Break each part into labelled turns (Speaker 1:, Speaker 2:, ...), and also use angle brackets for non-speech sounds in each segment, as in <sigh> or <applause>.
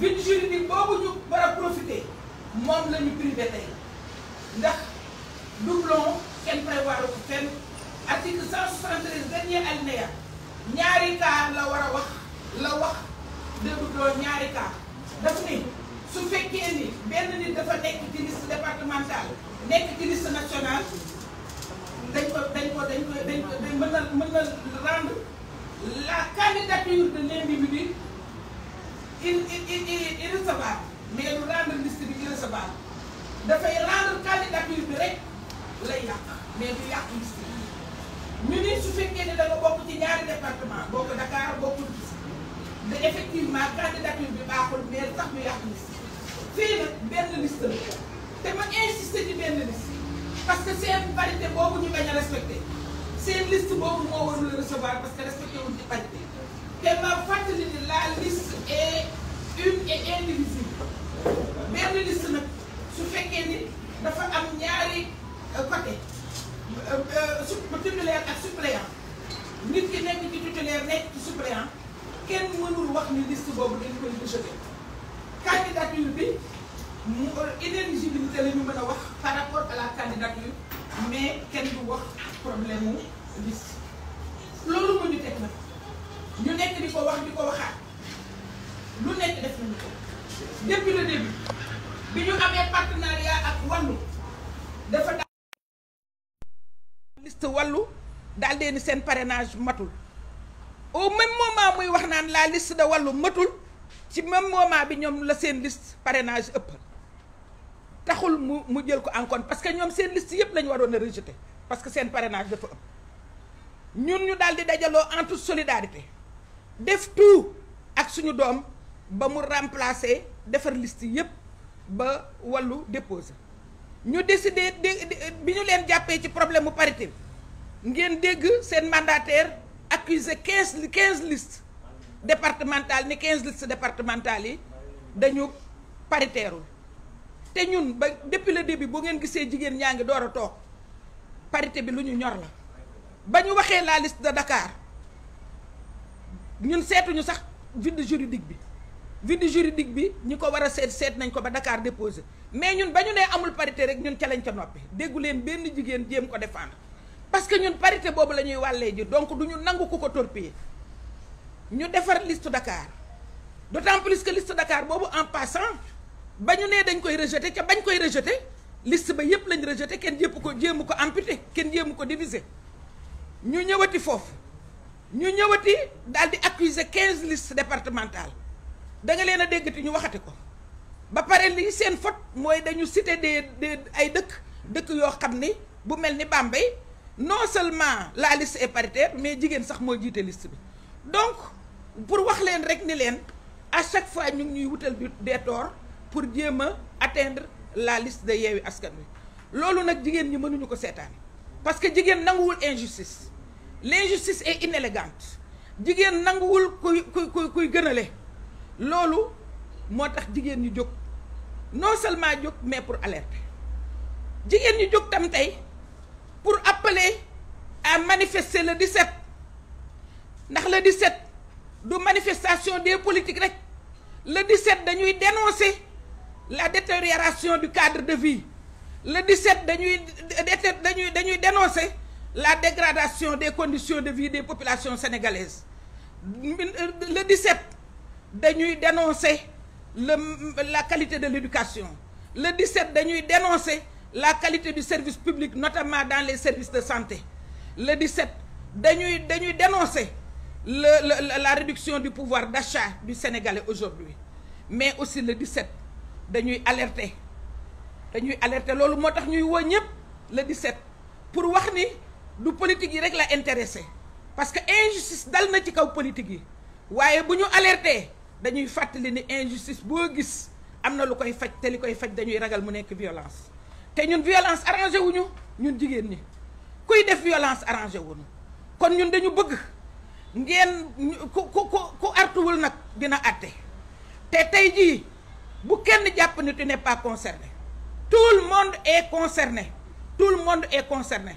Speaker 1: vide juridique boobu ñu profiter. la privé article 173 dernier la wax la wax de la candidature de l'individu irrecevable mais lu rendre liste bi irrecevable dafay rendre candidature bi rek lay yàq mais du yàq liste bi ñu ni su fekkee ne da nga bokk ci ñaari département bokk Dakar bokkul gis da effectivement candidature bi baaxul mais sax du yàq liste fii nag benn liste la te ma insisté ci benn liste parce que seen parité boobu ñu bañ a respecté seen liste boobu moo warul recevoir parce que respecté wuñ ci parité Et ma fàttali de la liste est une et indivisible la liste nag su fekkee ni dafa am ñaari euh, côté euh, euh, su titulaire ak suppléant nit ki nekk ci titulaire nekk ci suppléant kenn mënul wax ni liste boobu dañ koy rejeté candidature bi mu inéligibilité la ñu mën a wax par rapport à la candidature mais kenn du wax problème mu liste ñu nekk di ko wax di ko waxaat lu nekk def nañu ko depuis le début bi ñu amee partenariat ak wàllu dafa daal liste wàllu daal dee ni seen parrainage matul au même moment muy wax naan la liste de wàllu matul ci même moment bi ñoom la seen liste parrainage ëpp taxul mu mu jël ko en compte parce que ñoom seen liste yëpp lañu waroon a rejeter parce que seen parrainage dafa ëpp ñun ñu daal di dajaloo en solidarité def tout ak suñu dom ba mu remplacer defar liste yépp ba walu déposer ñu décider biñu len jappé ci problème parité ngeen dégg sen mandataire accuser 15 15 listes départementales ni 15 listes départementales yi dañu paritaireul té ñun ba depuis le début bo ngeen gissé jigen ñangi doora tok parité bi luñu ñor la bañu waxé la liste de Dakar ñun seetuñu sax vide juridique bi vide juridique bi ñi ko war a seet seet nañ ko ba Dakar déposé mais ñun ba ñu nee amul parité rek ñun ca lañ ca noppi déggu leen benn jigéen jéem ko défendre parce que ñun parité boobu la ñuy wàllee ji donc du ñu nangu ku ko torpiller ñu defar liste Dakar d'autant plus que liste Dakar boobu en passant ba ñu nee dañ koy rejeté ca bañ koy rejeté liste ba yépp lañ rejeté kenn jépp ko jéem ko amputé kenn jéem ko divisé ñu ñëwati foofu. ñu ñëwati daal di accuser quinze listes départementales da nga leen a déggati ñu waxati ko ba pare lii seen faute mooy dañu cité des des ay dëkk dëkk yoo xam ni bu mel Bambey non seulement la liste est paritaire mais jigéen sax moo jiite liste bi donc pour wax leen rek ni leen à chaque fois ñu ngi ñuy wutal des torts pour jéem a atteindre la liste de Yewwi Askan Wi loolu nag jigéen ñi mënuñu ko seetaan parce que jigéen nanguwul injustice l'injustice est inélégante jigéen nangoul kuy kuy kuy kuy gënale loolu moo tax ñu jóg non seulement jóg mais pour alerter jigéen ñu jóg tam tay pour appeler à manifester le 17 ndax le 17 du manifestation des politiques rek le 17 dañuy dénoncer la détérioration du cadre de vie le 17 nous dañuy dañuy dénoncer la dégradation des conditions de vie des populations sénégalaises le 17 dañuy dénoncer la qualité de l'éducation le 17 dañuy dénoncer la qualité du service public notamment dans les services de santé le 17 dañuy dañuy dénoncer la réduction du pouvoir d'achat du Sénégalais aujourd'hui mais aussi le 17 dañuy alerter dañuy alerter du le 17 pour wax du politique yi rek la intéressé parce que injustice dal na ci kaw politique yi waaye bu ñu dañuy fatali ni injustice bo gis amna lu koy faj te li koy faj dañuy ragal mu nek violence té ñun violence arrangé wuñu ñun jigéen ni kuy def violence arrangé wuñu kon ñun dañu bëgg ngeen ko ko ko artuul nak dina atté té tay ji bu kenn japp ni tu n'es pas concerné tout le monde est concerné tout le monde est concerné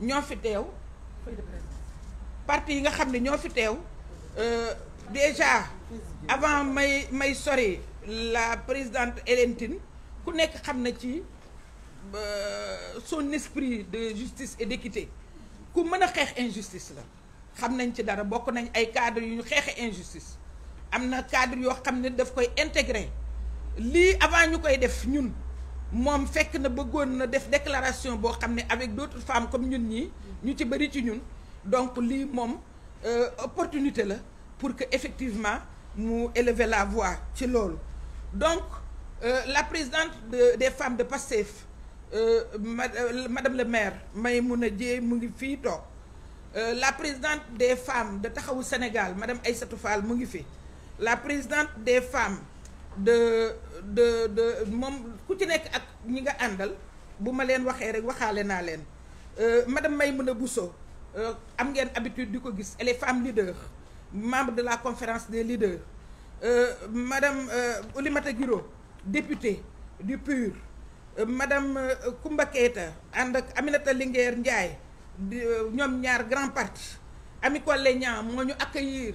Speaker 1: ñoo fi teew parti yi nga xamné ño ñoo fi teew euh, déjà avant may may sori la présidente Elentine ku nek xamna ci euh, son esprit de justice et d'équité ku meuna xex injustice la xamnañ ci dara bokk nañ ay cadre yu ñu injustice amna cadre yoo daf koy intégrer lui avant ñukoy def ñun mom fekk na bëggoon na def déclaration boo xam avec d'autres femmes comme ñun nous ñu ci bëri ci ñun donc lii moom euh, opportunité la pour que effectivement mu élever la voix ci loolu donc euh, la présidente des femmes de passef euh, madame le maire Mme Dièye mu ngi la présidente des femmes de Taxawu Sénégal madame Aïssatou Fall mu ngi fi la présidente des femmes de de de mom ku ci nek ak ñi nga àndal leen rek leen euh, madame maymuna Bousso euh, am ngeen habitude diko gis elle est femme leader membre de la conférence des leaders euh, madame Olimata Guiro députée du PUR madame Koumba Keita ànd ak Aminata Linguère Ndiaye ñom ñaar grand parti Ami Collé Niang accueillir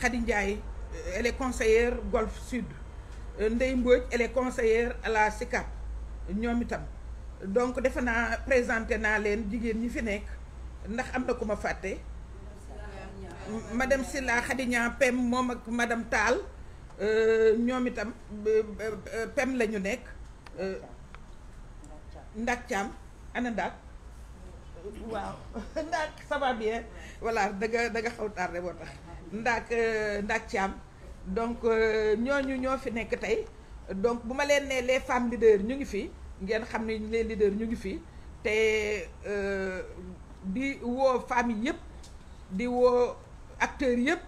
Speaker 1: Khady euh, elle est conseillère Golf Sud euh, Ndeye elle est conseillère à la SICAP ñoom itam donc defe naa vous naa leen jigéen ñi fi nekk ndax am na ku madame Silla Khady PEM moom ak madame Tal euh, ñoom itam PEM la ñu Ndak Thiam ana Ndak <laughs> Ndak ça va bien voilà da nga da nga xaw ndaak euh, ndaak Thiam donc euh, ñooñu ñoo fi nekk tey donc bu ma leen nee les femmes leaders ñu ngi fii ngeen xam ne les leaders ñu ngi fii te euh, di woo femmes yëpp di woo acteurs yëpp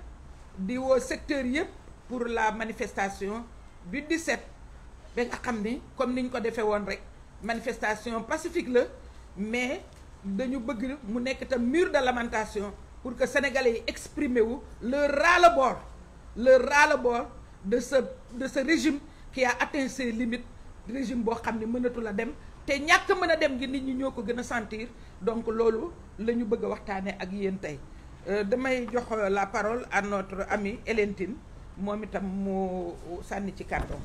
Speaker 1: di woo secteurs yëpp pour la manifestation du 17 ba nga xam ni comme ni ñu ko defee woon rek manifestation pacifique la mais dañu bëgg mu nekk tam mur de lamentation pour que Sénégalais yi exprimer le ras-le-bol le ras-le-bol de ce de ce régime qui a atteint ses limites régime boo xam ne mënatu la dem te ñàkk mën a dem gi nit ñi ñoo ko sentir donc loolu la ñu bëgg a waxtaane ak yéen tey euh, damay jox la parole à notre amie Elentine. Tine moom itam mu sànni ci carton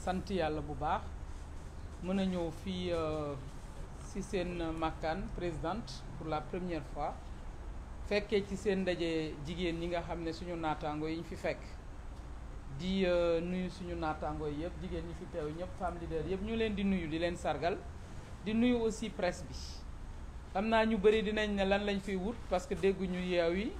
Speaker 1: sant yalla bu baax mën a ñëw fii ci euh, seen makkaan présidente pour la première fois fekkee ci seen ndaje jigéen ñi nga xam ne suñu naataango yi ñu fi fekk di euh, nuyu suñu naataango yi yëpp jigéen ñi fi teew ñëpp femme leader yëpp ñu leen di nuyu di leen sargal di nuyu aussi presse bi xam naa ñu bëri dinañ ne lan lañ fiy wut parce que dégguñu yeew yi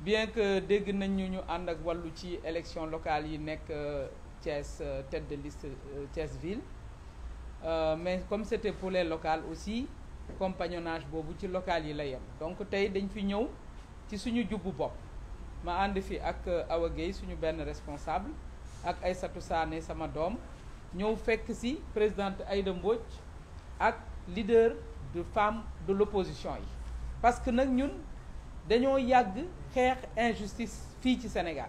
Speaker 1: bien que dégg nañ ñu ñu ànd ak wàllu ci élection locale yi nekk euh, Thiès, euh, tête de liste euh, Thiès Ville. Euh, mais comme c'était pour les locales aussi compagnonnage beaucoup ci local il la a donc nous dañ fi ñëw ci suñu jubbu bopp ma ànd fi ak Awa Gueye suñu ben responsable ak Aïssatou Sané sama doom ñëw fekk si présidente Aïda Mbodj ak leader de femmes de l'opposition yi parce que nous, ñun dañoo yàgg faire injustice fii ci Sénégal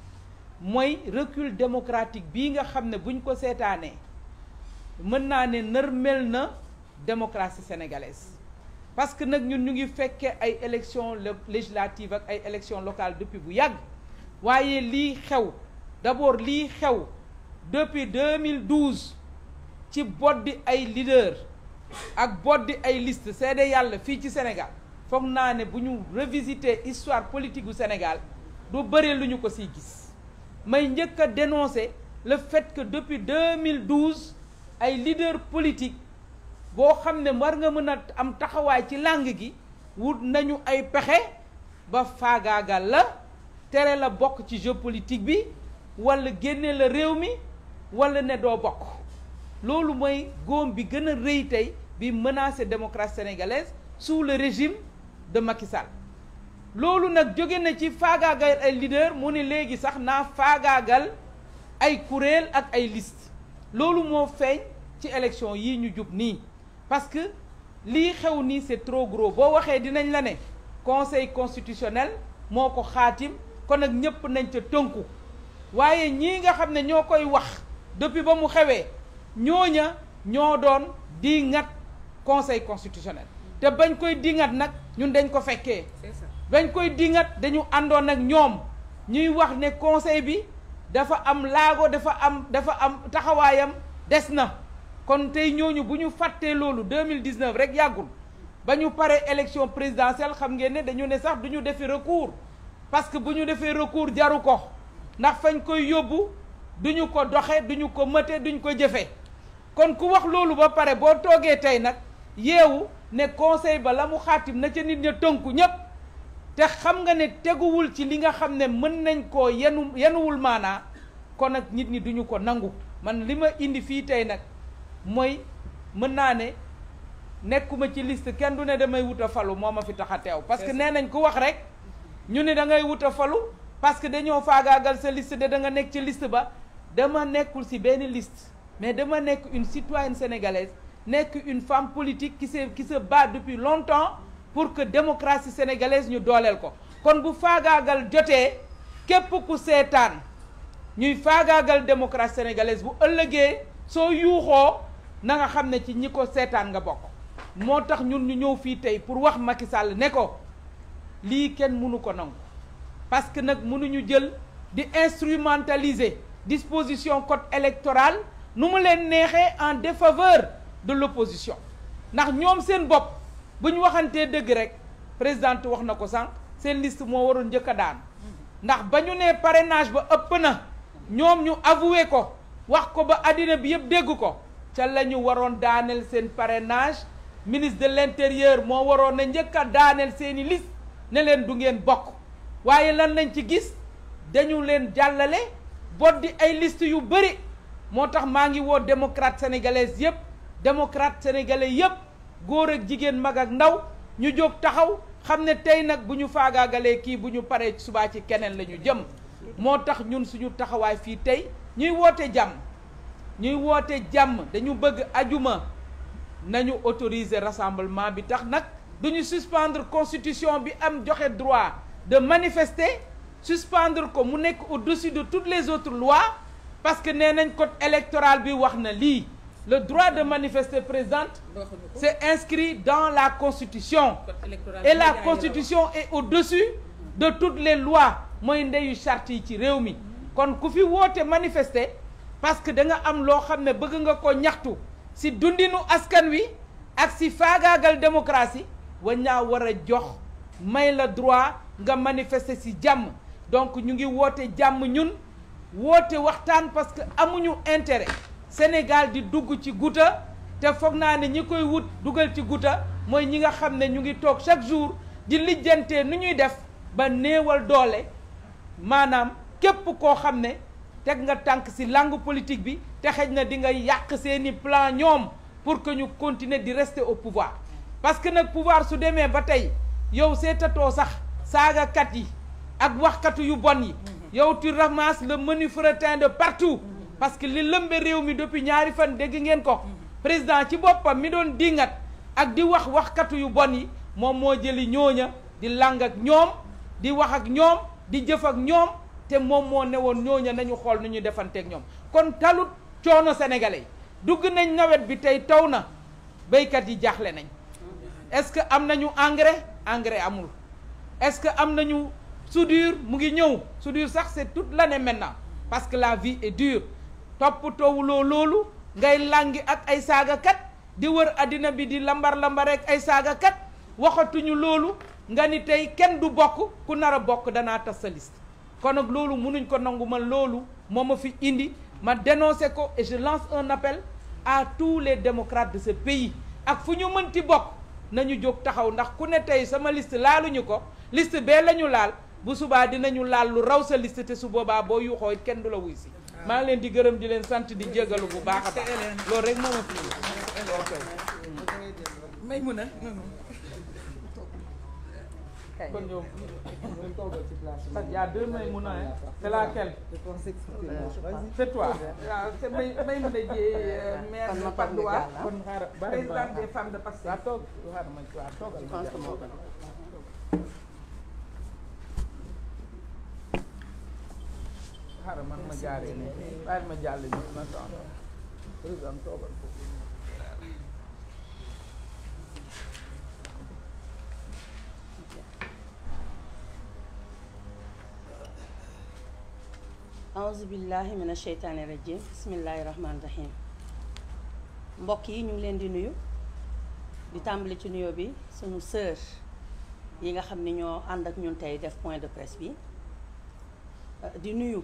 Speaker 1: moy recul démocratique bi nga xamné ne buñ ko sétané mën naa ne nërmel na démocratie sénégalaise parce que nous ñun ñu ngi féké ay élections législatives ak ay élections locales depuis bu yàgg wayé li xew d'abord li xew depuis 2012 ci boddi ay leaders ak boddi ay listes de yalla fi ci Sénégal foog naa ne bu revisiter histoire politique du Sénégal pour bëri luñu ko gis may njëkk a dénoncer le fait que depuis 2012 ay leader politique boo xam ne war nga mën a am taxawaay ci langue gi wut nañu ay pexe ba faagaagal la tere la bokk ci jeu politique bi walla génne la réew mi walla ne doo bokk loolu mooy góom bi gën a rëy tey bi menacer démocratie sénégalaise sous le régime de Macky loolu nag jóge na ci faagaagal ay leader mu ne léegi sax naa faagaagal ay kuréel ak ay list loolu moo feeñ ci élection yi ñu jub nii parce que lii xew nii c'est trop gros boo waxee dinañ la ne conseil constitutionnel moo ko xaatim kon nag ñëpp nañ ca tënku waaye ñii nga xam ne ñoo koy wax depuis ba mu xewee ñooña ñoo doon di ngat conseil constitutionnel te bañ koy dingat nag ñun dañ ko fekkee bañ koy dingat dañu àndoon ak ñoom ñuy wax ne conseil bi dafa am laago dafa am dafa am taxawaayam des na kon tey ñooñu bu ñu fàttee loolu 2019 rek yàggul ba ñu paree élection présidentielle xam ngeen ne dañu ne sax duñu defe defi recours parce que bu ñu defee recours jaru ko ndax fañ koy yóbbu duñu ko doxe duñu ko mëte duñu ko jëfe kon ku wax loolu ba pare boo toogee tey nag yeewu ne conseil ba la mu xaatim na ca nit ña tënku ñépp te xam nga ne teguwul ci li nga xam ne mën nañ koo yenu yenuwul maanaa kon nag nit ñi duñu ko nangu man li ma indi fii tey nag mooy mën naa ne nekkuma ci liste kenn du ne damay wut a falu moo ma fi tax a teew parce que nee nañ ku wax rek ñu ne da ngay wut a falu parce que dañoo faagaagal sa liste de da nga nekk ci liste ba dama nekkul ci benn liste mais dama nekk une citoyenne sénégalaise nekk une femme politique qui se qui se bat depuis longtemps pour que démocratie sénégalaise ñu dooleel ko kon bu faagaagal jotee képp ku sétane ñuy faagaagal démocratie sénégalaise bu ëllëgee so yuuxoo na nga xamné ci ñiko sétane nga bokk motax ñun ñu ñëw fi tay pour wax Macky Sall ne ko lii kenn mënu ko nang parce que mënu ñu jël di instrumentaliser disposition code électoral numu leen nexé en défaveur de l'opposition nak ñom seen bop bu ñu waxantee dëgg rek présidente wax na ko sànq seen list moo waroon njëkk a daan ndax ba ñu nee parenage ba ëpp na ñoom ñu avoué ko wax ko ba àddina bi yëpp dégg ko ca la ñu waroon daaneel seen parenage ministre de l'intérieur moo waroon na njëkk daaneel seeni list ne leen du ngeen bokk waaye lan lañ ci gis dañu leen jàllale boddi ay liste yu bëri moo tax maa ngi woo démocrate sénégalais yëpp démocrate sénégalais yëpp goor ak jigen mag ak ndaw ñu jog taxaw xamne tay tey buñu bu ñu faagaagalee kii bu ci kenen lañu jëm motax ñun suñu taxaway fi tay ñuy woté ñuy woté dañu bëgg ajuma nañu autoriser rassemblement bi tax nak duñu suspendre constitution bi am joxé droit de manifester suspendre ko mu nekk au-dessus de toutes les autres lois parce que nenañ code électoral bi wax na le droit de manifester présente, c'est inscrit dans la Constitution. Et la Constitution est au-dessus de toutes les lois qui sont charte kon ku manifester parce que da nga am lois xam bëgg nga ko ñaxtu si dundinu askan wi ak si faagaagal démocratie la démocratie war jox may la droit nga manifester si jam, donc ñu ngi le jàmm ñun woote waxtaan parce que amuñu intérêt. Sénégal di dugg ci guta te foog naa ne ñi koy wut dugal ci guta mooy ñi nga xam ne ñu ngi toog chaque jour di lijjantee nu ñuy def ba néewal doole maanaam képp koo xam ne teg nga tànk ci langue politique bi te xëj na di nga yàq seeni plan ñoom pour que ñu continuer di rester au pouvoir parce que nag pouvoir su demee ba tey yow seetatoo sax saagakat yi ak waxkatu yu bon yi mm-hmm. yow tu ramasses le menu fretin de partout parce que li lembe réew mi depuis ñaari fan ngeen ko président ci bopam mi don dingat ak di wax waxkatu yu bon yi moom moo jëli di lang ak di wax ak di jëf ak ñom te mom mo ne ñoña nañu kon talut sénégalais nañ bi na est-ce que am nañu engrais engrais amul est-ce que am nañu soudure mu ngi ñew soudure sax c'est toute l'année maintenant parce que la vie est dure wulo loolu ngay langi ak ay kat di wër adina bi di lambar lambareek ay saagakat waxatuñu loolu nga ni tey kenn du bok ku nara bok dana tassaliste sa kon ak loolu mënuñ ko nanguma moma fi indi ma dénoncé ko et je lance un appel à tous les démocrates de ce pays ak fu ñu mënti bok nañu jog taxaw ndax ku ne tay sama liste laaluñu ko liste bela lañu laal bu suba dinañu laal lu raw sa liste te su bo yu xoy kenn du la wuy mal leen di gërëm di leen sant di jégalu bu baax a baax loolu rek moo ma fi euh, ah, may mu na kon xaaral man ma jaaree ne bàyyil ma jàll ñu na tontu président toogal ko
Speaker 2: aouzu billahi min asheytaani rajim bismillahi rahmaani rahim mbokk yi ñu ngi leen di nuyu di tàmbali ci nuyo bi suñu sœur yi nga xam ni ñoo ànd ak ñun tey def point de presse bi di nuyu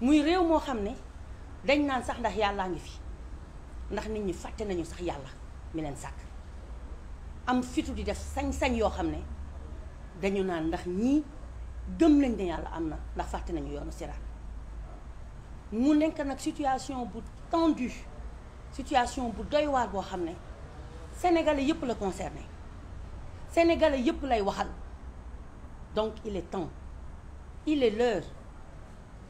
Speaker 2: muy réew mo xamné ne dañ naan sax ndax yalla ngi fi ndax nit ñi faté nañu sax yalla mi len sàkk am fitu di def sañ-sañ yo xamné dañu naan ndax ñi gëm nañ ne yalla amna ndax faté nañu yoonu siraat mu nekk nak situation bu tendue situation bu doy war bo xamné sénégalais yépp la concerné sénégalais yépp lay waxal donc il est temps il est l'heure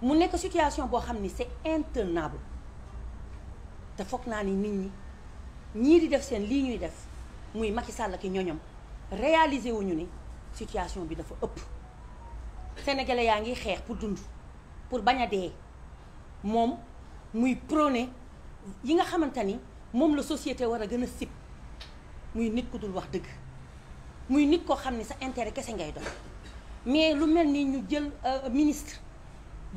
Speaker 2: mu situation c'est intenable que faut que nit ñi di def ñuy def muy Macky Sall Nous que réaliser wuñu situation bi dafa Nous sénégalais nous pour nous pour bañ a est prôné yi la société Nous a muy nit ku dul wax muy nit nous sa intérêt kese nous. mais lu mel ni ñu euh, ministre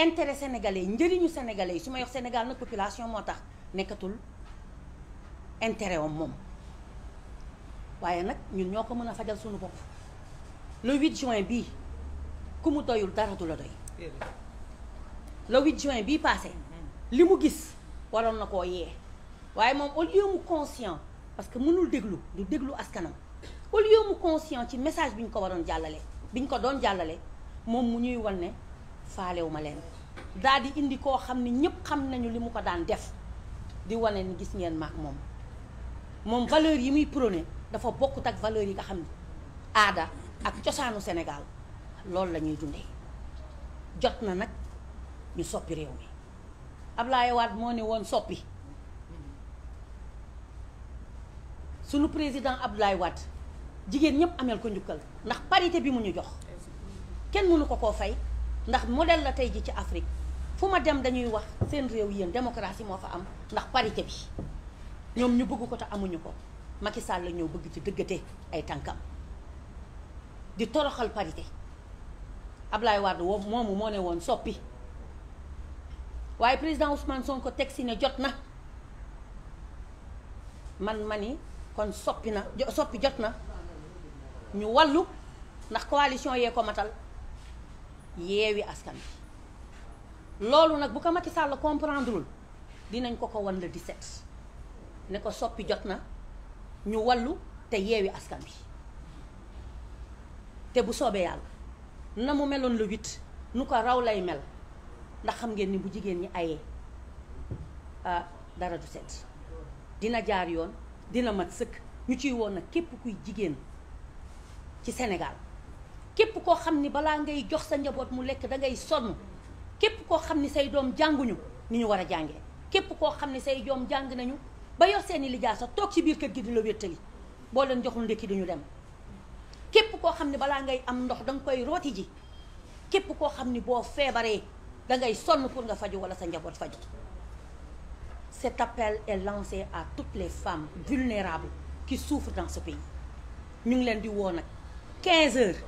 Speaker 2: intérêt sénégalais yi njëriñu sénégalais yi su ma Sénégal nag population moo tax nekkatul intérêt am moom waaye nag ñun ñoo ko mën a fajal le 8 juin bii ku mu doyul dara du la doy le 8 juin bi passé li mu gis waroon nako yé waye mom au lieu mu conscient parce que mënul déglu du déglu askanam au lieu mu conscient ci message bi ko waron jallalé bi ko doon jallalé mom mu ñuy wan faalewu ma leen daal di indi koo xam ne ñëpp xam nañu li mu ko daan def di wane ni gis ngeen maak moom moom valeur yi muy prôné dafa bokkut ak valeur yi nga xam ne aada ak cosaanu senegaal loolu la ñuy dundee jot na nag ñu soppi réew mi Ablaye Wade moo ne woon soppi sunu président Ablaye Wade jigéen ñëpp ameel ko njukkal ndax parité bi mu ñu jox kenn mënu ko koo fay ndax modèle la tey ji ci Afrique fu ma dem dañuy wax seen réew yéen démocratie moo fa am ndax parité bi ñoom ñu bëgg ko te amuñu ko Macky Sall la ñëw bëgg ci dëggate ay tànkam di toroxal parité Ablaye Wade woo moomu moo ne woon soppi waaye président Ousmane Sonko teg si ne jot na man ma ni kon soppi na soppi jot na ñu wallu ndax coalition yee ko matal yeewi askan bi loolu nag bu ko Macky Sall comprendrewul dinañ ko ko wan le 17 ne ko soppi jot na ñu wallu te yeewi askan bi te bu soobee yàlla na mu meloon la 8 nu ko raw lay mel ndax xam ngeen ni bu jigéen ñi ayee ah dara du set dina jaar yoon dina mat sëkk ñu ciy woon na képp kuy jigéen ci Sénégal képp ko xamni bala ngay jox sa njabot mu lekk dangay sonn képp koo xam ni say dom jànguñu ni ñu war a jàngee képp koo say dom jang nañu ba yor seeni lijaasa tok ci biir kër gi di la wéttali boo leen joxul ndékki duñu dem képp ko xamni bala ngay am ndox dang koy roti ji képp ko xamni bo boo da ngay sonn pour nga faju wala sa njabot faju cet appel est lancé à toutes les femmes vulnérables qui souffrent dans ce pays ñu ngi leen di woo nag 15 heures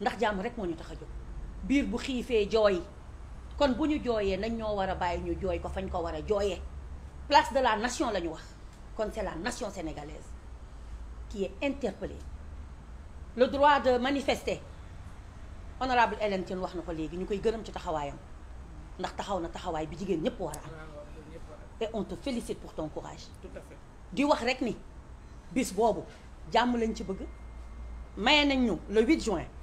Speaker 2: ndax jàmm rek pas ñu bu kon buñu joyé nañ ñoo place de la nation la c'est la nation sénégalaise qui est interpellée le droit de manifester honorable Hélène Tine wax na ko ci ndax bi et on te félicite pour ton courage tout à fait di wax rek ni bis bobu lañ ci bëgg le 8 juin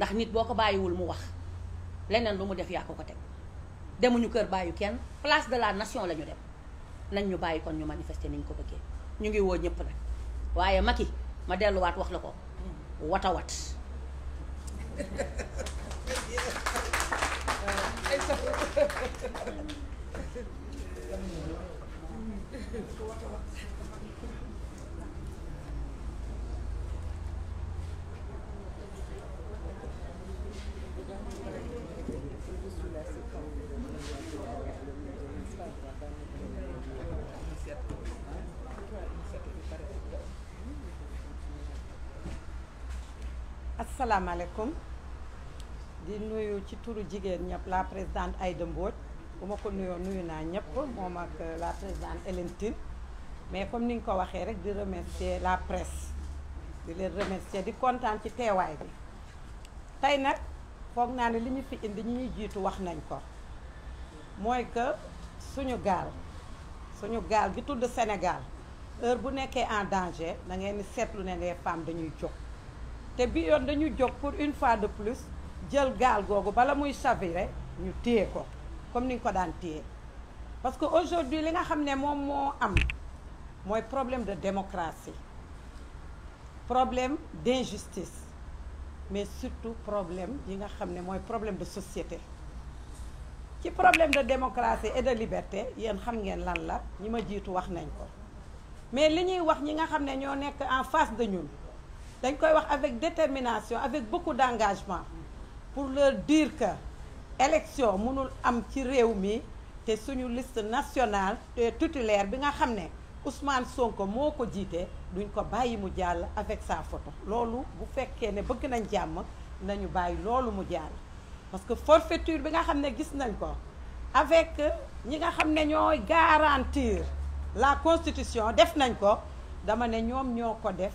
Speaker 2: ndax nit boo ko bàyyiwul mu wax leneen lu mu def yaa ko ko teg demuñu kër bàyyu kenn place de la nation la ñu dem nañ ñu bàyyi kon ñu manifester ni ñu ko bëggee ñu ngi woo ñëpp nag waaye Macky ma delluwaat wax la ko watawat
Speaker 3: asalaamaaleykum di nuyu ci turu jigéen ñëpp la présidente Aïda Mbodj bu ma ko nuyoo nuyu naa ñëpp moom ak euh, la présidente Hélène mais comme ni nga ko waxee rek di remercier la presse di leen remercier di kontaan ci teewaay bi tey nag foog naa ni li ñu fi indi ñu ñuy jiitu wax nañ ko mooy que suñu gaal suñu gaal gi tudd Sénégal heure bu nekkee en danger da ngeen ni seetlu ne les femmes dañuy jóg Et bi yoon dañu jóg pour une fois de plus nous gal gogo bala muy chavirer nous téye ko comme nous ko daan parce que aujourd'hui li nga xamné c'est un am problème de démocratie problème d'injustice mais surtout problème yi nga xamné un problème de société ci problème de démocratie et de liberté yeen xam ngeen lan la ñima jitu wax nañ ko mais liñuy Mais wax ñi nga xamné ño nek en face de nous, dañ avec détermination avec beaucoup d'engagement pour leur dire que élection mënul am ci réew mi une suñu liste nationale de toute bi nga xam Ousmane Sonko moi ko jiite duñ ko bàyyi mu avec sa photo loolu bu fekkee ne n'y nañ pas nañu bail lolu mu parce que forfaiture bi nga xam ne gis nañ ko avec ñi nga xam garantir la constitution def nañ ko dama ne fait ñoo def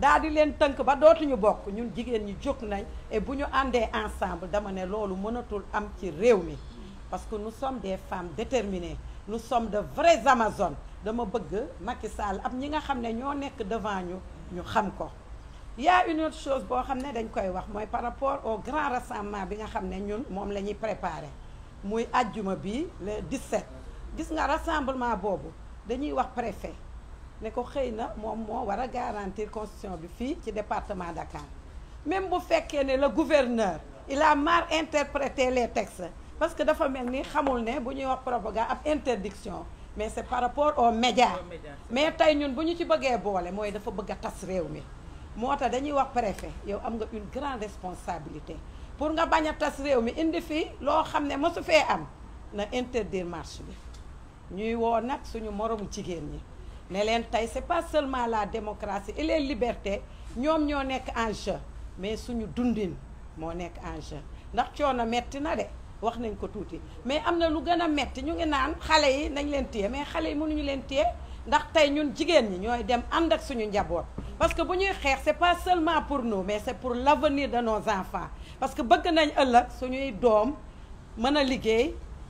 Speaker 3: daa di que tënk ba dootuñu bokk ñun jigen ñi jóg nañ et bu ñu ensemble dama né loolu mënatul am ci réew mi parce que nous sommes des femmes déterminées nous sommes de vraies amazones dama bëgg Macky Sall am ñi nga xam ne ñoo devant ñu ñu xam ko y a une autre chose bo xamné dañ koy wax moy par rapport au grand rassemblement bi nga xamné ñun mom lañuy préparer moy aljuma bi le 17 gis nga rassemblement bobu dañuy wax préfet ne ko xëy na moom garantir constitution bi fii ci département Dakar même bu fekkee ne le gouverneur il a mal interprété les textes parce que dafa melni xamul ne bu wax propagande ab interdiction mais c'est par rapport aux médias mais tay ñun bu ñu ci bëggé bolé moy dafa bëgg a réew mi mota dañuy wax préfet yow am nga une grande responsabilité pour nga baña a réew mi indi fi lo xamné mësu fé am na interdire marche bi ñuy wo nak suñu moromu jigéen ñi ne n'est c'est pas seulement la démocratie et les libertés ñom ñoo en jeu mais suñu dundine mo nek en jeu ndax metti na wax nañ ko mais am lu gëna metti ñu ngi naan mais yi ndax dem suñu parce que bu ñuy c'est pas seulement pour nous mais c'est pour l'avenir de nos enfants parce que bëgg nañ suñuy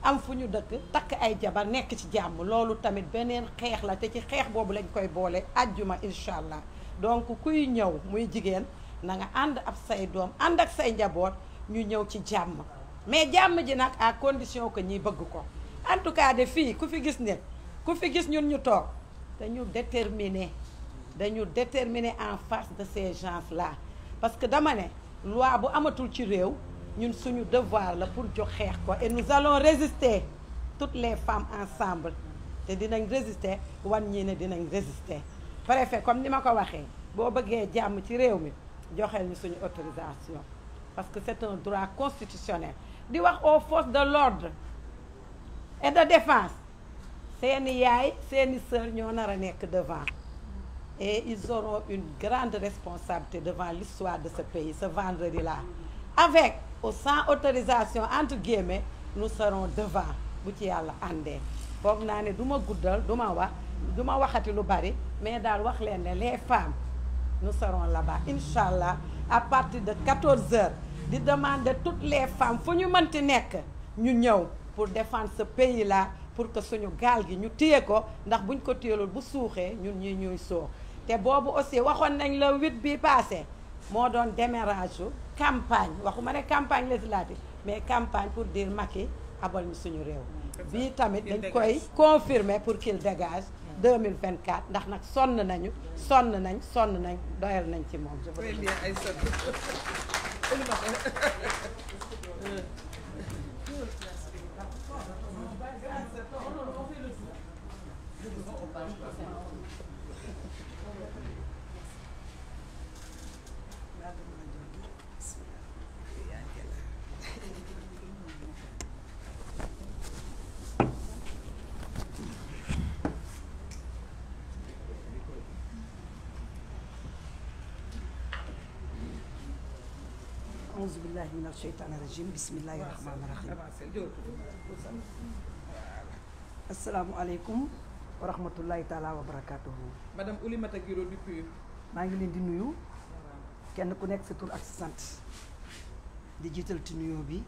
Speaker 3: am fu ñu dëkk takk ay jabar nekk ci jàmm loolu tamit beneen xeex la te ci xeex boobu lañ koy boole àjjuma incha allah donc kuy ñëw muy jigéen na nga ànd ab say doom ànd ak say njaboot ñu ñëw ci jàmm mais jàmm ji nag à condition que ñi bëgg ko en tout cas de fii ku fi gis ne ku fi gis ñun ñu toog dañu déterminé dañu déterminer en face de ces la là parce que dama ne loi bu amatul ci réew nous sommes devoir pour nous faire et nous allons résister toutes les femmes ensemble te dinañ résister wan dinañ résister préfet comme ni ma ko waxee boo bëggee tire, ci réew mi une autorisation parce que c'est un droit constitutionnel di wax aux forces de l'ordre et de défense seeni yaay seeni sœur ñoo nara nek devant et ils auront une grande responsabilité devant l'histoire de ce pays ce vendredi là avec sans autorisation entre guillemets nous serons devant bu ci yàlla àndee ne du pas guddal du ma wax du ma waxati lu bari mais daal wax les femmes nous serons là-bas Inshallah, à partir de 14 heures demande demander toutes les femmes fu nous mënti nous ñu pour défendre ce pays là pour que suñu gaal gi ñu tirons ko ndax buñ ko téyelul bu suuxee ñun ñi ñuy soox te boobu aussi waxoon nañ la huit bi passé modern démarrage campagne waxuma ne campagne législative mais campagne pour dire marqué à suñu réew bi tamit dañ koy confirmer pour qu'il dégage 2024 ndax nak sonn nañu sonn nañ sonn nañ doyal nañ
Speaker 4: أعوذ بالله من الشيطان الرجيم بسم الله الرحمن الرحيم السلام عليكم wa wa barakaatuhu maa ngi leen di nuyu kenn ku nekk sa tur ak di jiital ci nuyoo bi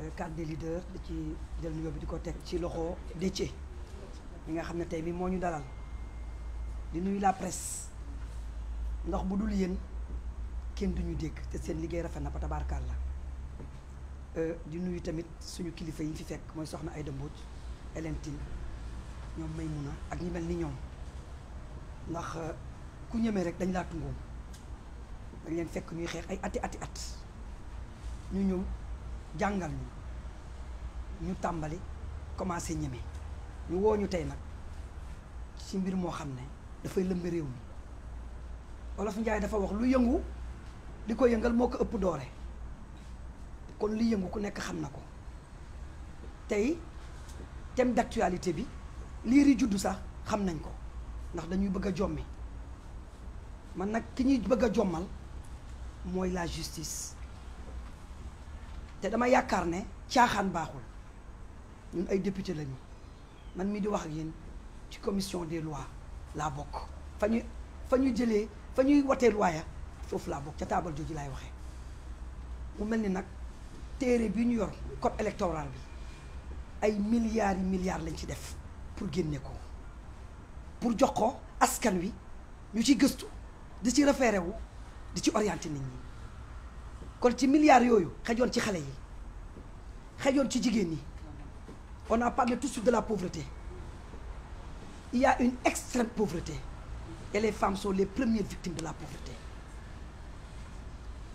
Speaker 4: euh, cadre des leaders di ci jël nuyoo bi di ko teg ci loxo Déthié mi nga xam ne tey bi moo ñu dalal di nuyu la presse ndax bu dul yéen kenn duñu dégg te seen liggéey rafet na ba tabaarkaal la euh, di nuyu tamit suñu kilifa yi fi fekk mooy soxna Aïda Mbodj Hélène Tine ñoom Maymuna ak ñi mel ni ñoom ndax euh, ku ñemee rek dañ laa tungoom dañ leen fekk ñuy xeex ay ati ati at ñu ñëw jàngal ñu ñu tàmbali commencé ñeme ñu woo ñu tey nag ci mbir moo xam ne dafay lëmb réew mi Olof Njaay dafa wax lu yëngu Liko ko yëngal moo ëpp doore kon li yëngu ku nekk xam na ko tey thème d'actualité bi liri yi juddu sax xam nañ ko ndax dañuy bëgg a jommi man nak ki ñi bëgg jommal moy la justice té dama yaakaar né tiaxan baxul ñun ay député lañu man mi di wax ak yeen ci commission des lois la bok fañu fañu jëlé fañuy jëlee loi ya foofu laa bokk ca taabal jooju laay waxee mu mel ni nag téere yor code électoral bi ay milliards et milliards lañ ci def pour génne pour jox ko askan wi ñu ci gëstu di ci référé wu di ci orienté nit ñi kon ci milliards yooyu xejoon ci xale yi xejoon ci jigéen ñi on a parlé tout de suite de la pauvreté il y a une extrême pauvreté et les femmes sont les premières victimes de la pauvreté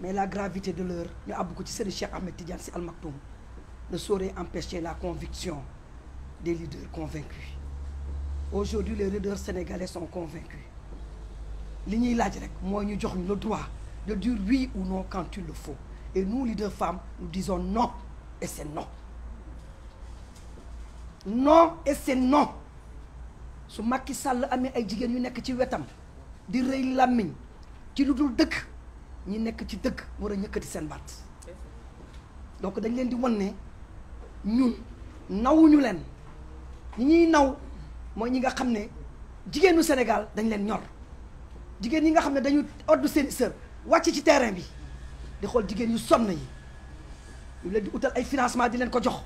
Speaker 4: mais la gravité de l'heure Al Maktoum ne saurait empêcher la conviction des leaders convaincus aujourd'hui les leaders sénégalais sont convaincus li ñuy rek le droit de dire oui ou non quand il le faut et nous leaders femmes nous disons non et c'est non non et c'est non Ce Macky Sall wetam di nous nekk ci pas donc ne ñun nawuñu leen ñi naw mooy ñi nga ne jigéenu Sénégal dañ leen ñor jigéen yi nga ne dañu oddu seen ci terrain bi di xool jigéen yu di utal ay financement di leen ko jox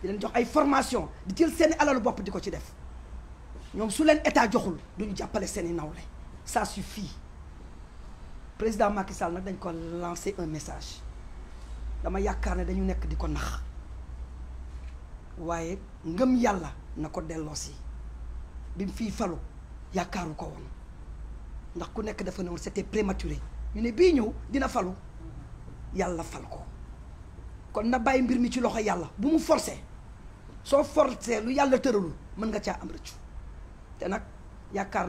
Speaker 4: di leen jox ay formation di jël ça suffit président Macky Sall nag dañ ko lancer un message dama yakarne ne dañu nekk di ko nax waaye ngëm yàlla na ko delloosi bi mu fiy ko won ndax ku nek dafa ne c'était prématuré ñu ne bii dina falo yalla fal ko kon na baye mbir mi ci loxo yalla. bu mu So soo lu Yalla tëralul man nga caa am rëccu te nak yaakaar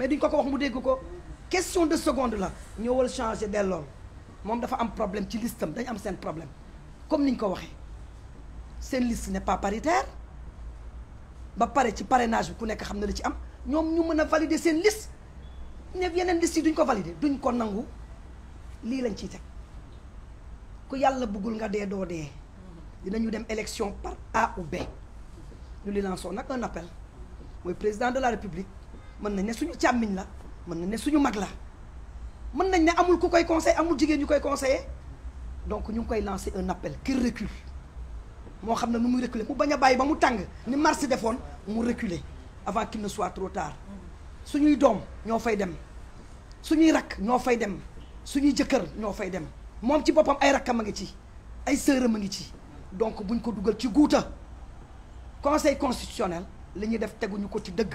Speaker 4: mais duñ question de seconde nous allons changer Nous dafa un problème ci liste. dañ am problème comme nous ko fait cette liste n'est pas paritaire ba parrainage nous la valider liste ne valider nangu élection par A ou B Nous lançons un appel président de la république mën nañ ne suñu càmmiñ la mën nañ ne suñu mag la mën nañ ne amul ku koy conseil amul jigéen ñu koy conseillé donc ñu ngi koy lancé un appel qui recule moo xam ne nu muy reculer mu bañ a bàyyi ba mu tàng ni mars defoon mu reculer avant qu'il ne soit trop tard suñuy doom ñoo fay dem suñuy rakk ñoo fay dem suñuy jëkkër ñoo fay dem moom ci boppam ay rakkam a ngi ci ay sëram a ngi ci donc buñ ko dugal ci guuta conseil constitutionnel li ñuy def teguñu ko ci dëgg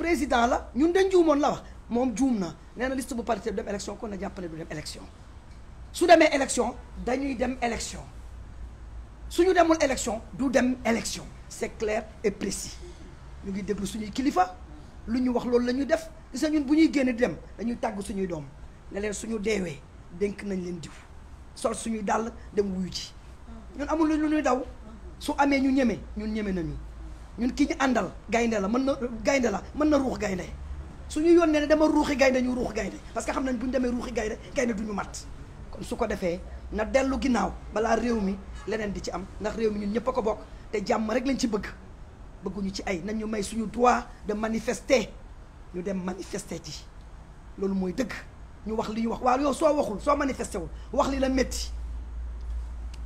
Speaker 4: président la ñun dañ juumoon la wax mom juum néna liste bu parité dem élection ko na jappalé du dem élection su démé élection dañuy dem élection suñu démul élection du dem élection c'est clair et précis ñu ngi déglu suñu kilifa luñu wax loolu lañu def gis ñun buñuy gënë génn dem dañuy tàgg suñuy dom ne leen suñu déwé dénk nañ leen diw sol suñuy dal dem wuyu ji ñun amul luñu ñuy daw su amé ñu ñëmé ñun ñëmé nañu ñun ki ñu àndal gaynde la mën na gaynde la mën na ruux gaynde suñu yónnee ne dama ruuxi gaynde ñu ruux gaynde parce que xam nañ bu ñu demee ruuxi gaynde du ñu mat kon su ko defee na dellu ginnaaw balaa réew mi leneen di ci am ndax réew mi ñun ñëpp ko bokk te jàmm rek lañ ci bëgg bëgguñu ci ay na ñu may suñu droit de manifester ñu dem manifester ci loolu mooy dëgg ñu wax li ñu wax waaw yow soo waxul soo manifester wul wax li la métti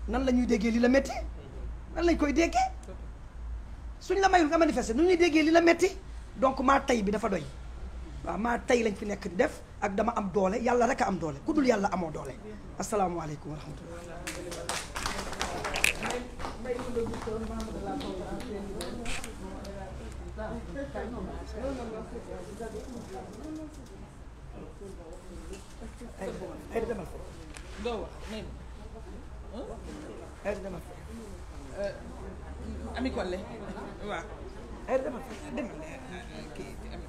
Speaker 4: nan la ñuy déggee li la métti nan lañ koy déggee suñ la mayul nga manifester nu ñuy déggee li la metti donc maa tay bi dafa doy waaw maa tay lañ fi nekk di def ak dama am doole yàlla rek a am doole ku dul yàlla amoo doole asalaamualeykum wa rahmatullah
Speaker 1: ay demal fa Ami Collé waaw. demal demal kii Ami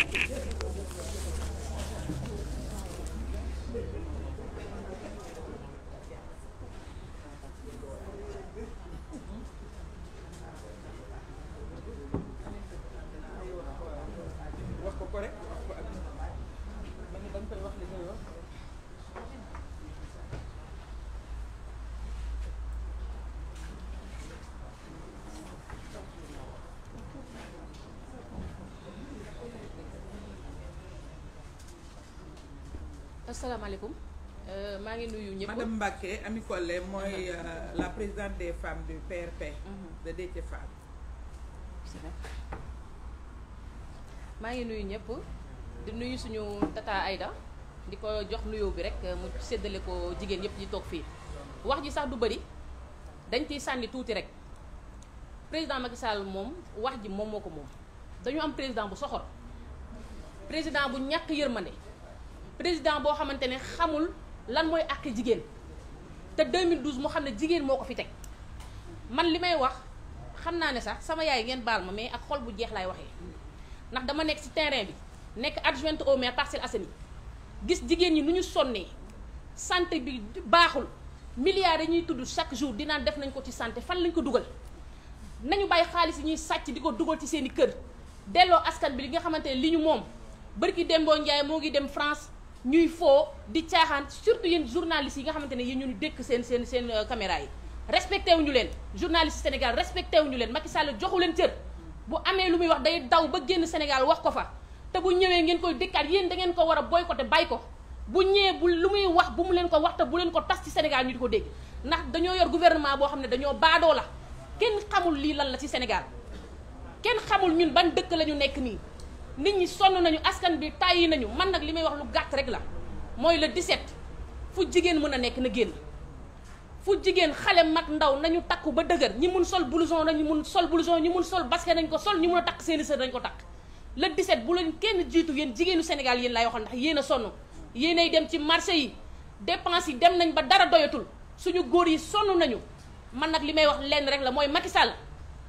Speaker 1: Collé.
Speaker 5: asalaamaaleykum euh, maa ngi nuyu ñëpp. madame
Speaker 1: Mbacké Ami Collé euh, la présidente des femmes du PRP. Mhm. de
Speaker 5: maa ngi nuyu ñëpp di nuyu suñu tata Aïda di ko jox nuyoo bi rek mu séddale ko jigéen yëpp di toog fii wax ji sax du bëri dañ ciy sànni tuuti rek président Macky Sall moom wax ji moom moo ko moom dañu am président bu soxor président bu ñàkk yërmande. président boo xamante ne xamul lan mooy àq jigéen te 2012 mu xam ne jigéen moo ko fi teg man li may wax xam naa ne sax sama yaay ngeen baal ma mais ak xol bu jeex lay waxee ndax dama nekk ci terrain bi nekk adjointe au maire Parcelles Assainies gis jigéen ñi nu ñu sonnee santé bi baaxul milliards yi ñuy tudd chaque jour dinaan def nañ ko ci sante fan lañ ko dugal nañu bàyyi xaalis yi ñuy sàcc di ko dugal ci seen i kër delloo askan bi li nga xamante ne li ñu moom bërki Dembo Ndiaye moo ngi dem France ñuy foo di caaxaan surtout yéen journalistes yi nga xamante ne yéen ñu dëkk seen seen seen euh, caméra yi respecté wuñu leen journaliste Sénégal respecté wuñu leen Macky Sall joxu leen cër bu amee lu muy wax day daw ba génn Sénégal wax ko fa te bu ñëwee ngeen koy dëkkaat yéen da ngeen ko war a boycotté bàyyi ko bu ñëwee bu lu muy wax bu mu leen ko wax bu leen ko tas ci Sénégal ñu di ko dégg ndax dañoo yor gouvernement boo xam ne dañoo baadoo la kenn xamul lii lan la ci Sénégal kenn xamul ñun ban dëkk la ñu nekk nii nit ñi sonn nañu askan bi tàyyi nañu man nag li may wax lu gàtt rek la mooy la 17 fu jigéen mën a nekk na génn fu jigéen xale mag ndaw nañu takku ba dëgër ñi mun sol blouson nañu mun sol blouson ñi mun sol basket nañ ko sol ñi mun a takk seeni sër nañ ko takk le 17 bu leen kenn jiitu yéen jigéenu Sénégal yéen laay waxal ndax yéen a sonn yéenay dem ci marché yi dépense yi dem nañ ba dara doyatul suñu góor yi sonn nañu man nag li may wax lenn rek la mooy Macky Sall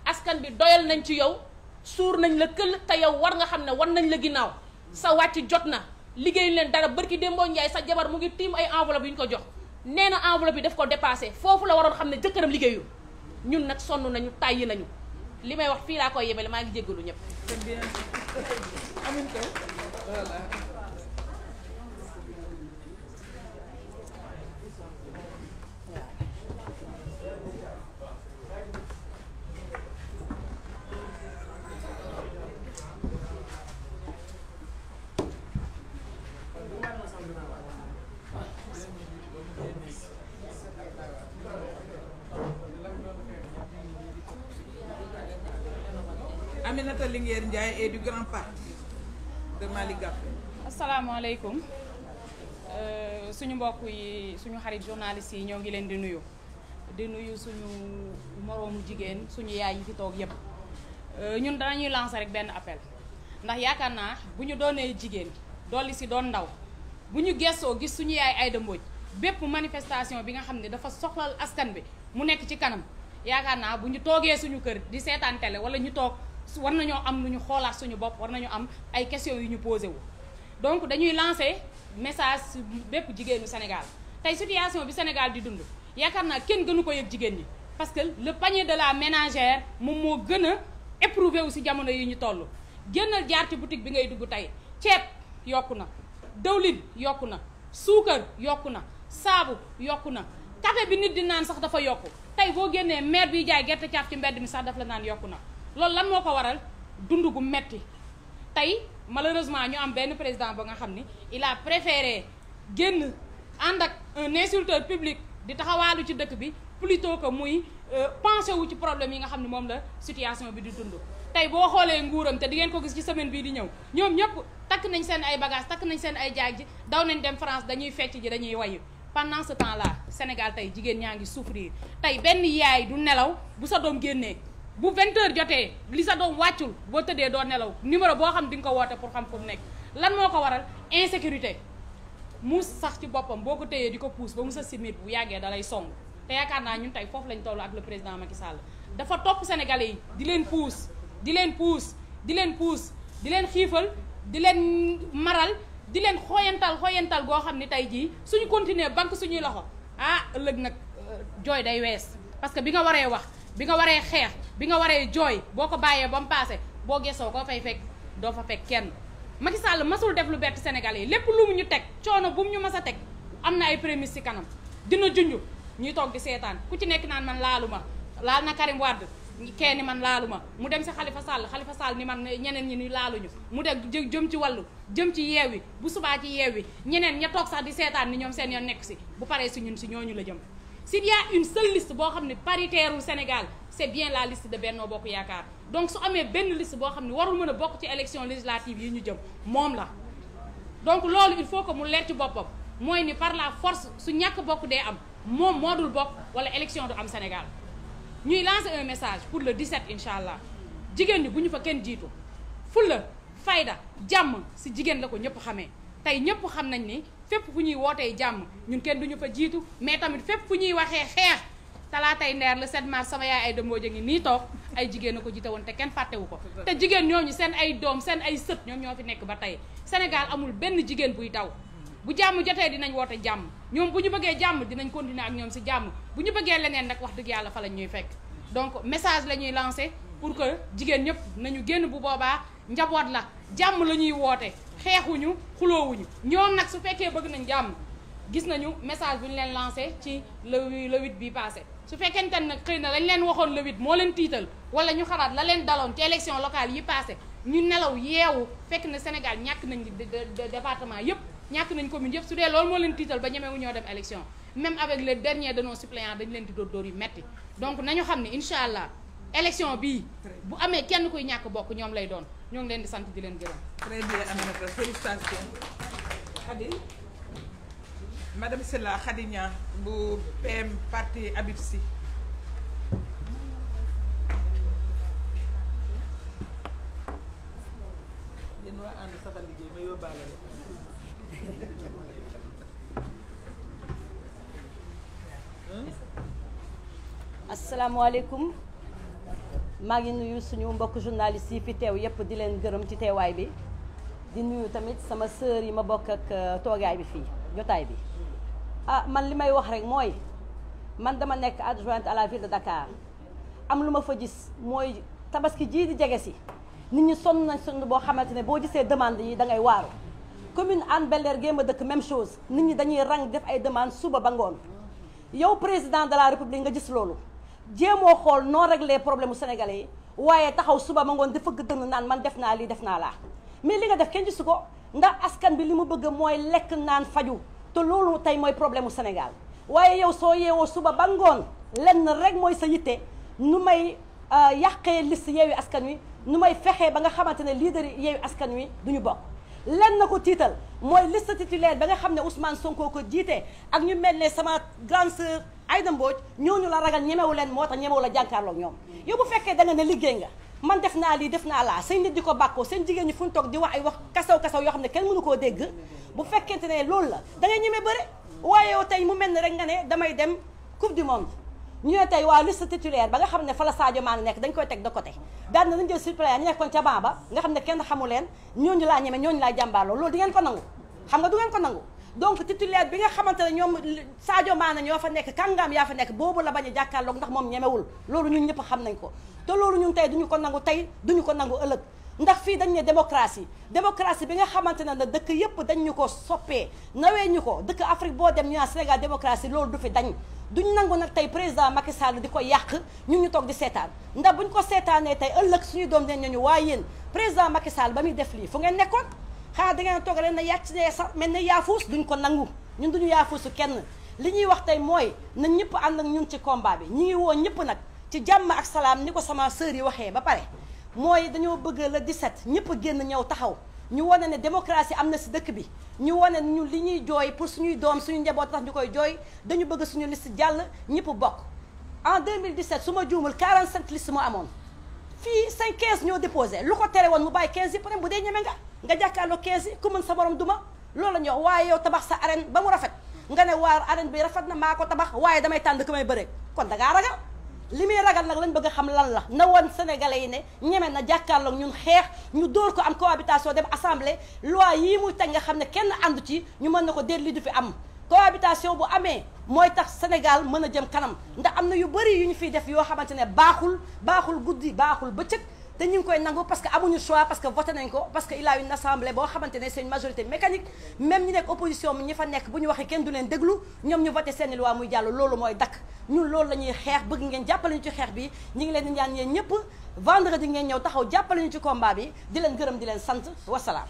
Speaker 5: askan bi doyal nañ ci yow suur nañ la këll te yow war nga xam ne war nañ la ginnaaw sa wàcc jot na liggéeyuñ leen dara bërki démboo Njaay sa jabar mu ngi tiim ay enveloppe yu ñu ko jox nee na enveloppe yi daf ko dépassé foofu la waroon xam ne jëkkëram liggéeyu ñun nag sonn nañu tàyyi nañu li may wax fii laa koy yebale maa ngi jéggalu ñëpp.
Speaker 1: grand parti de Malick Gakou
Speaker 5: asalaamaaleykum euh, suñu mbokk yi suñu xarit journaliste yi ñoo ngi leen di nuyu di nuyu suñu moroomu jigéen suñu yaay yi fi toog yépp euh, ñun dañuy lancer rek benn appel ndax yaakaar naa bu ñu doonee jigéen si doon ndaw bu gis suñu yaay ay dëmbooj bépp manifestation bi nga xam dafa soxlal askan bi mu nekk ci kanam yaakaar naa bu suñu kër di wala ñu war nañoo am lu ñu xoolaat suñu bopp war nañu am ay questions yu ñu posé wu donc dañuy lancer message bépp jigéenu Sénégal tey situation bi Sénégal di dund yaakaar naa kenn gënu ko yëg jigéen ñi parce que le panier de la ménagère moom moo gën a éprouvé wu si jamono yi ñu toll génnal jaar ci boutique bi ngay dugg tey ceeb yokku na dëwlin yokku na suukar yokku na saabu yokku na café bi nit di naan sax dafa yokk tey boo génnee maire biy jaay gerte caaf ci mbedd mi sax daf la naan yokku na loolu lan moo ko waral dund gu metti tey malheureusement ñu am benn président ba nga xam ni il a préféré génn ànd ak un insulteur public di taxawaalu ci dëkk bi plutôt que muy euh, pensé wu ci problème yi nga xam ne moom la situation bi di dund tey boo xoolee nguuram te di ngeen ko gis ci semaine bii di ñëw ñoom ñëpp takk nañ seen ay bagages takk nañ seen ay jaag daw nañ dem France dañuy fecc ji dañuy wayu pendant ce temps là Sénégal tey jigéen ñaa ngi souffrir tey benn yaay du nelaw bu sa doom génnee bu 20 heures jotee li sa doom wàccul boo tëddee doo nelaw numéro boo xam di nga ko woote pour xam fu mu nekk lan moo ko waral insécurité mu sax ci boppam boo ko téyee di ko pousse ba mu sa simir bu yàggee dalay song te yaakaar naa ñu tey foofu lañ toll ak le président Macky Sall dafa topp sénégalais yi di leen pousse di leen pousse di leen pousse di leen xiifal di leen maral di leen xooyantal xooyantal goo xam ne tey jii suñu continuer banque suñuy loxo ah ëllëg nag euh, jooy day wees parce que bi nga waree wax bi nga waree xeex bi nga waree jooy boo ko bàyyee ba mu paase boo gesoo koo fay fekk doo fa fekk kenn Macky sàll masul def lu bett Sénégalais yi lépp lu mu ñu teg coono bu ñu mas a teg am na ay prémices ci kanam dina junj ñuy toog di seetaan ku ci nekk naan man laalu ma laal na Karim Wade kenn ni man laalu ma mu dem si xalifa sàll Khalifa Sall ni man ñeneen ñi ni laaluñu mu dem jëm ci wàllu jëm ci yeew yeewi bu subaa ci yi ñeneen ña toog sax di seetaan ni ñoom seen yoon nekk si bu paree si ñun si ñooñu la jëm s'il y a une seule liste qui est paritaire au Sénégal c'est bien la liste de Benno Bokk si donc su une une liste on ne peut pas élection législative yi ñu donc il faut que nous leer ci je parle ni par la force su ñàkk bokk dee am moom moo élection du Sénégal Nous lançons un message pour le 17 incha ne jigéen pas que nous fa kenn jiitu fulla fayda le si jigéen la ko ñëpp xamee tey ñëpp fep fu ñuy woté jamm ñun kenn duñu fa jitu mais tamit fep fu ñuy xéx xeex ay ndeer le 7 mars sama yaay ay demo jëngi ni tok ay jigéen nako jité won té te kenn fàttewu ko té jigéen ñu seen ay dom seen ay sët ñom ñoo fi ba tay Sénégal amul benn jigéen buy daw bu jamm jotee dinañ woté jamm ñom buñu bëggé jamm dinañ continuer ak ñom ci jamm buñu bëggé bëggee leneen nag wax dëgg yalla fa lañ ñuy fekk donc message lañuy lancer pour que jigen ñep nañu génn bu boba njaboot la jamm lañuy woté xéxuñu xulowuñu xuloowuñu nak su féké bëgg nañ jamm gis nañu message bu ñu leen lancé ci le 8 bi passé su fekkente nag xëy na lañ leen waxoon le 8 mo leen tital wala ñu xalaat la leen dalon ci élection locale yi passé ñu nelaw yeewu fekk na Sénégal ñak nañ département yépp ñak nañ commune yépp su dé lool mo leen tital ba wu ñoo dem élection même avec les derniers de nos suppléants dañ leen di dóor dóor yu metti donc nañu xam inshallah élection bi bu amee kenn kuy
Speaker 1: ñàkk bokk ñoom lay doon ñoo ngi leen di sant di leen gërëm. très bien Aminata félicitations Khady madame bu PM parti Habib Sy yéen
Speaker 6: waa maa ngi nuyu suñu mbokk journaliste yi fi teew yépp di leen gërëm ci teewaay bi di nuyu tamit sama sœur yi ma bokk ak euh, toogaay bi fii jotaay bi ah man li may wax rek mooy man dama nekk adjointe à la ville de Dakar am lu ma fa gis mooy tabaski jii di jege si nit ñi sonn nañ sonn boo xamante ne boo gisee demande yi da ngay waaru commune Hann Bel-Air géem dëkk même chose nit ñi dañuy rang def ay demande suba ba ngoon yow président de la république nga gis loolu jéemoo xool noo réglé problème mu yi waaye taxaw suba ma ngoon dafa gëdd naan man def naa lii def naa laa mais li nga def kenn gisu ko ndax askan bi li mu bëgg mooy lekk naan faju te loolu tey mooy problème mu Sénégal waaye yow soo yeewoo suba ba ngoon lenn rek mooy sa yitte nu may euh, yàqee liste yeewi askan wi nu may fexe ba nga xamante ne leader yeewi askan wi ñu bokk lenn na ko tiital mooy liste titulaire ba nga xam ne Ousmane Sonko ko jiite ak ñu mel ne sama grande Aïda Mbodj ñooñu la ragal ñemewu leen moo tax ñemewu la jànkaarloog ñoom yow bu fekkee da nga ne liggéey nga man def naa lii def naa laa seen nit di ko bàkkoo seen jigéen ñi fu ñu toog di wax ay wax kasaw-kasaw ne kenn mënu koo dégg bu fekkente ne loolu la da ngay ñeme bëre waaye yow tey mu mel ne rek nga ne damay dem coupe du monde ñu ne tey waa liste titulaire ba nga xam ne fa la Sadio Mané nekk dañ koy teg de côté daan na dañ jël suppléant nga xam ne kenn xamu leen ñooñu laa ñeme ñooñu laa jàmbaarloo loolu di ngeen ko nangu xam nga du ngeen ko nangu donc titulaire bi nga xamante ne ñoom Sadio Mané ñoo fa nekk kàngaam yaa fa nekk boobu la bañ a jàkkaarloog ndax moom ñemewul loolu ñun ñëpp xam nañ ko te loolu ñun tey duñu ko nangu tey duñu ko nangu ëllëg ndax fii dañ ne démocratie démocratie bi nga xamante ne na dëkk yëpp dañ ñu ko soppee nawee ñu ko dëkk Afrique boo dem ñu naan Sénégal loolu du fi dañ duñ nangu nag tey président Macky Sall di ko yàq ñu ñu toog di seetaan ndax buñ ko seetaanee tey ëllëg suñu doom den ñooñu waaye yéen président Macky Sall ba muy def lii fu ngeen nekkoon xanaa da ngeen toog leen na yàcc ne sax mel ne yaafuus duñ ko nangu ñun duñu yaafuusu kenn li ñuy wax tey mooy na ñëpp ànd ak ñun ci combat bi ñu ngi woo ñëpp nag ci jàmm ak salaam ni ko sama sœur yi waxee ba pare mooy dañoo bëgg le 17 ñëpp génn ñëw taxaw ñu wane ne démocratie am na si dëkk bi ñu wane ñu li ñuy jooy pour suñuy doom suñu njaboot tax ñu koy jooy dañu bëgg suñu liste jàll ñëpp bokk en 2017 su ma juumul 47 liste moo amoon fii cinq quinze ñoo déposé lu ko tere woon mu bàyyi quinze yi peut être bu dee ñeme nga nga jàkkaarloo quinze yi ku mën sa borom duma loolu la ñu wax waaye yow tabax sa arène ba mu rafet nga ne waar arène bi rafet na maa ko tabax waaye damay tànd ku may bëre kon da ngaa ragal li may ragal nag lañ bëgg a xam lan la na woon sénégalais yi ne ñeme na jàkkaarloog ñun xeex ñu dóor ko am cohabitation dem assemblée loi yii muy teg nga xam ne kenn àndu ci ñu mën na ko déet du fi am cohabitation bu amé moy tax Sénégal mën jëm kanam ndax amna yu bari yuñ ñu fiy def yo xamante ne baaxul baaxul guddi baaxul bëccëg té ñing koy nangu parce que amuñu choix parce que voté nañ ko parce que il a une assemblée bo xamante ne c'est une majorité mécanique même ñi nek opposition ñi fa nek buñu ñu waxee kenn du len déglu ñom ñu voté seeni loi muy jàll lolu moy dak ñun lolu lañuy ñuy bëgg ngeen jàppale ci xeex bi ñi ngi leen ñaan yéen ñëpp vendredi ngeen ñëw taxaw jàppale ci combat bi di leen gërëm di leen sant wasalaam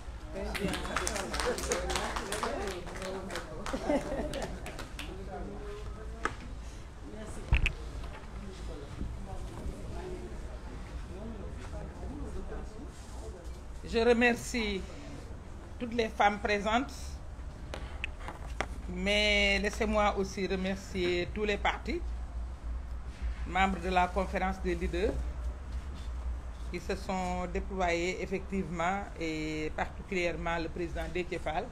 Speaker 1: je remercie toutes les femmes présentes, mais laissez-moi aussi remercier tous les partis, membres de la conférence des leaders, qui se sont déployés effectivement et particulièrement le président Dekefal,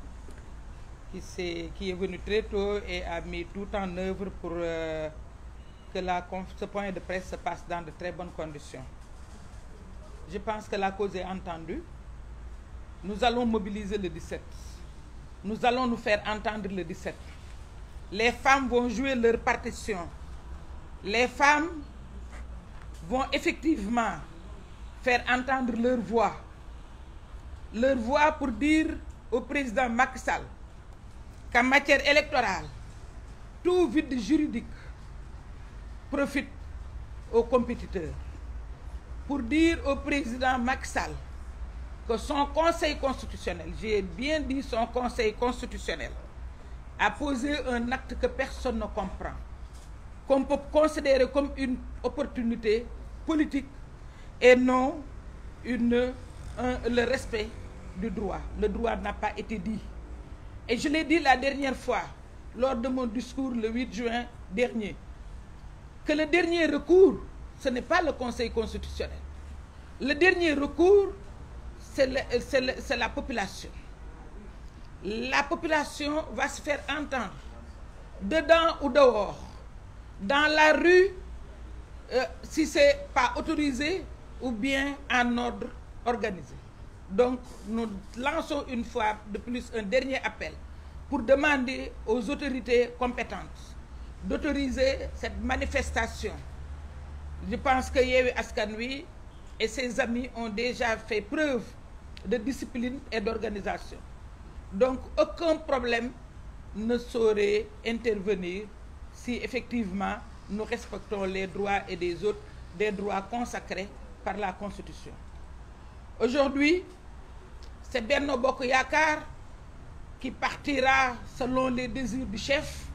Speaker 1: qui, est, qui venu très tôt et a mis tout en œuvre pour euh, que la, ce point de presse se passe dans de très bonnes conditions. Je pense que la cause est entendue. Nous allons mobiliser le 17. Nous allons nous faire entendre le 17. Les femmes vont jouer leur partition. Les femmes vont effectivement faire entendre leur voix. Leur voix pour dire au président Macky Sall qu'en matière électorale, tout vide juridique profite aux compétiteurs pour dire au président Maxal que son conseil constitutionnel, j'ai bien dit son conseil constitutionnel, a posé un acte que personne ne comprend, qu'on peut considérer comme une opportunité politique et non le respect du droit. Le droit n'a pas été dit. Et je l'ai dit la dernière fois, lors de mon discours le 8 juin dernier, que le dernier recours, ce n'est pas le Conseil constitutionnel. Le dernier recours, c'est la population. La population va se faire entendre, dedans ou dehors, dans la rue, euh, si ce n'est pas autorisé, ou bien en ordre organisé. Donc, nous lançons une fois de plus un dernier appel pour demander aux autorités compétentes d'autoriser cette manifestation. Je pense que Yewi Askanui et ses amis ont déjà fait preuve de discipline et d'organisation. Donc, aucun problème ne saurait intervenir si effectivement nous respectons les droits et des autres, des droits consacrés par la Constitution. Aujourd'hui, c'est Berno Yakar qui partira selon les désirs du chef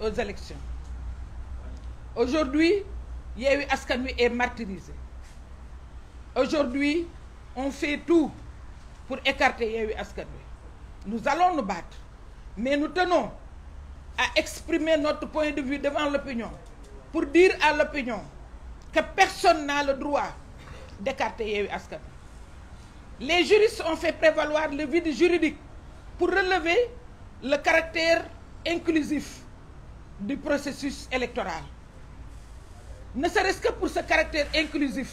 Speaker 1: aux élections aujourd'hui Yewwi Askanoui est martyrisé aujourd'hui on fait tout pour écarter Yewwi Askan nous allons nous battre mais nous tenons à exprimer notre point de vue devant l'opinion pour dire à l'opinion que personne n'a le droit d'écarter Yewwi Askan les juristes ont fait prévaloir le vide juridique pour relever le caractère inclusif du processus électoral. Ne serait-ce que pour ce caractère inclusif,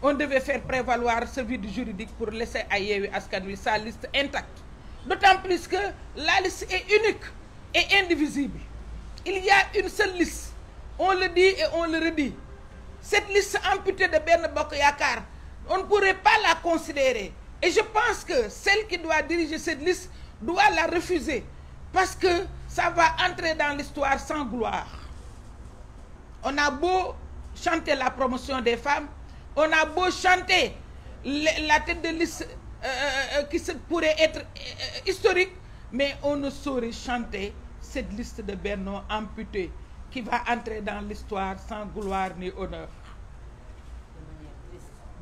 Speaker 1: on devait faire prévaloir ce vide juridique pour laisser à Yewi sa liste intacte. D'autant plus que la liste est unique et indivisible. Il y a une seule liste. On le dit et on le redit. Cette liste amputée de Ben Yakar on ne pourrait pas la considérer. Et je pense que celle qui doit diriger cette liste doit la refuser. Parce que ça va entrer dans l'histoire sans gloire. On a beau chanter la promotion des femmes, on a beau chanter la tête de liste euh, euh, euh, qui pourrait être historique, mais on ne saurait chanter cette liste de Bernard amputée qui va entrer dans l'histoire sans gloire ni honneur.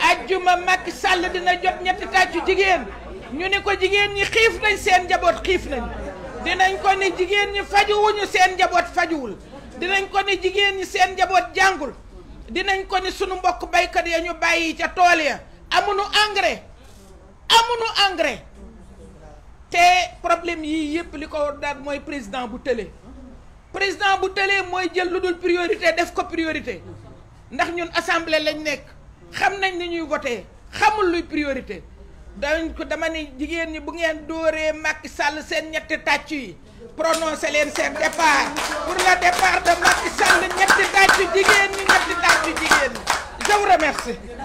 Speaker 1: ajjuma Macky Sall dina jot ñetti tàccu jigéen ñu ni ko jigéen ñi xiif nañ seen njaboot xiif nañ dinañ ko ni jigéen ñi fajuwuñu seen njaboot fajuwul dinañ ko ni jigéen ñi seen njaboot jàngul dinañ ko ni sunu mbokk baykat ya ñu bàyyi ca tool ya amuñu engrais amuñu engrais te problème yii yëpp li ko daal mooy président bu tële président bu tële mooy jël lu dul priorité def ko priorité ndax ñun assemblée lañ nekk xam nañ ni ñuy voté xamul luy priorité dañ ko dama ni jigéen ñi bu ngeen dóoree Macky Sall seen ñetti tàcc yi prononcé leen seen départ pour le départ de Macky Sall ñetti tàcc jigéen ñi ñetti tàcc jigéen ñi je vous